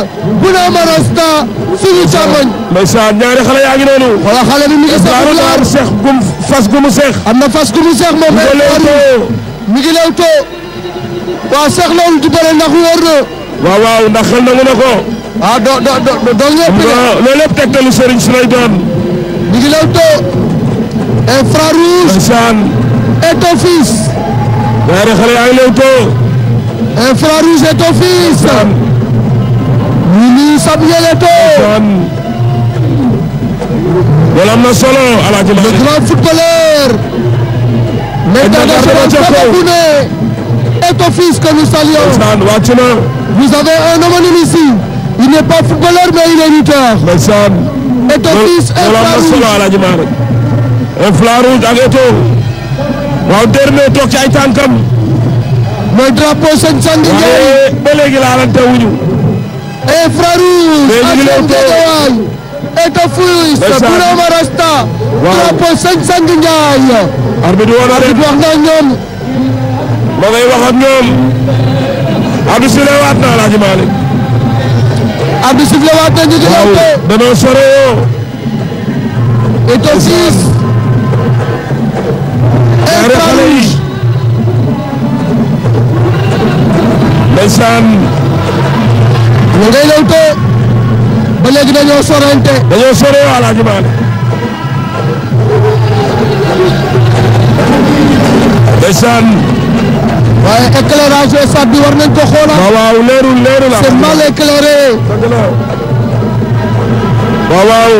na bu ne Amaros daa suñu càmmoñ. ndeysaan ñaari xale yaa ngi noonu. wala xale mi ngi sax mu seex gum seex. am fas gumu seex moom. mu ngi leewtoo mi ngi seex loolu di bëre ndax wóor waaw waaw xel na ko. ah do do do do ñëpp de. loolu lépp si lay doon. mi ngi leewtoo. infrarouge. ndeysaan. Willy Samueletto loolu am na solo Alaaji Malick le grand footballeur l'international camerounais est au fils que nous saluons vous avez un homonyme ici il n'est pas footballeur mais il est lutteur est au fils un flac rouge un flac rouge ak Eto waaw dernier toog ci ay tànkam mooy drapeau sëñ Sangi Ndiaye ba léegi laalante wuñu e Frarouche ak Géejawaay et Tafouis Birama Rasta drapo Sëñ Sang Ndiaye arbitre woon arbitre wax na ñoom ma ngay wax ak ñoom arbitre siflé waat na Alaaji Malick arbitre waat na ñu diggante danoo sore yoo Ito Ciss et Frarouche ñu ngay lewtoo ba léegi dañoo sorante dañoo sore wala ji maane ndeysaan waaye éclairage yooyu sàdd bi war nañ ko xoolal waaw waaw leerul leerul c'est mal éclairé waaw waaw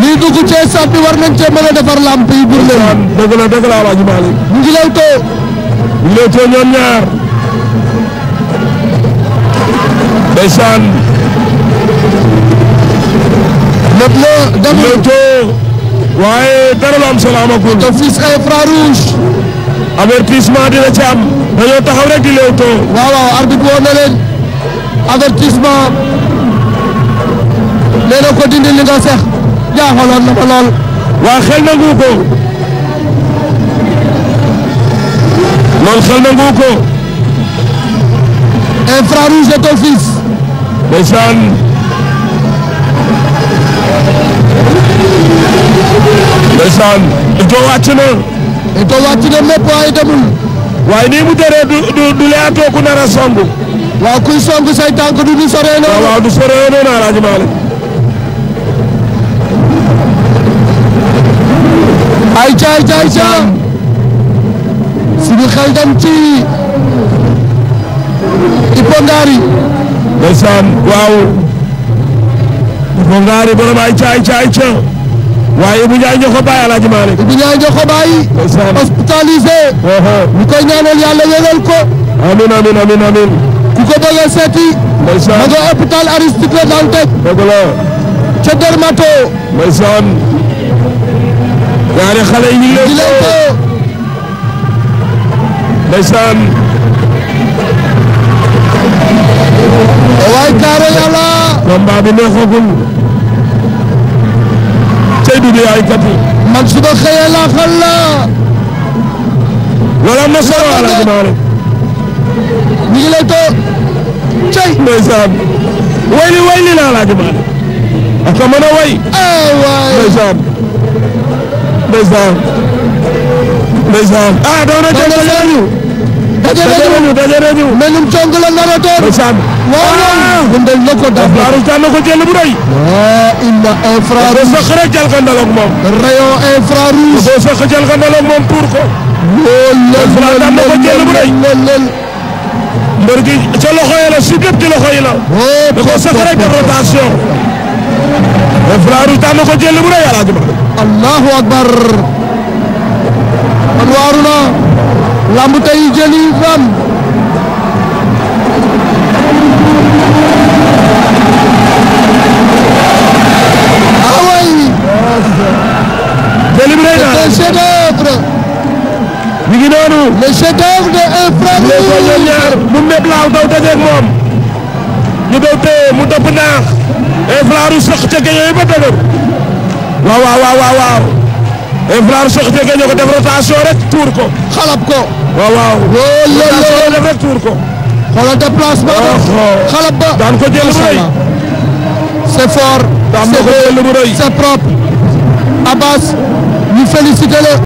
lii dugg cee sàdd bi war nañ cee mën a defar lamp yi bur leen dëgg la dëgg la wala ji maane ñu ngi lewtoo ñu lewtoo ñoom ñaar ndeysaan lépp la dem lëntoo waaye dara lu am solo amagul te fils ay Fra Rouge avertissement dina ci am dañoo taxaw di lëntoo waaw waaw arbitre woon na leen avertissement nee na ko dindi li nga sex jaaxaloon na ma lool xel nangu ko lool xel nangu ko ay Fra Rouge et ndeysaan ndeysaan ito wàcc na ito na mépp waaye demul waaye nii mu déree du du du leyaatoo ku nar a song kuy song say tànk du du soree noonu waaw du soree noonu Alaaji ay caay caay caay suñu xel dem ci ipongaar yi ndeysaan waaw moom naa ne borom ay caay caay ca waaye Ibou Ndiaye ñoo ko bàyyi El Hadj Malick. Ibou Ndiaye ñoo ko bàyyi. ndeysaan hospitalisé. ñu koy ñaanal yàlla ko. amiin ku ko bëgg a seeti. ndeysaan ma nga hôpital Aristide Dantec. dëgg la. ca Dermato. ndeysaan. ñaari waaye Kaaro Yàlla. combat bi neexagul. cey du ay kati. man su ko xëyee laa xal la. loolu am na solo Alaaji Maalik. ñu ngi lay toog. cey. la Alaaji Maalik. ak a mën a way. ay waay ndeysaan. ndeysaan. ndeysaan. ah doo na dajale diw mel ni cong la nar a door waaw waaw bundal na ko daf baaru tan na ko jël bu rëy waa inna infra rouge sa xere jël ko ndal ak moom rayon infra rouge do sa xere jël ko ndal ak moom pour ko lool la na ko jël bu rëy mbër gi ca loxo yi la si bépp ci loxo yi la da ko sa xere de rotation infra rouge tan na ko jël bu rëy alaaji ba allahu akbar anwaruna lamb tey jëli fam awai jëli bi day naan chef d'œuvre Ibrahima Cheikh Dieng ñoo ko def rotation rek tuur ko. c'est propre. Abbas ñu félicité la.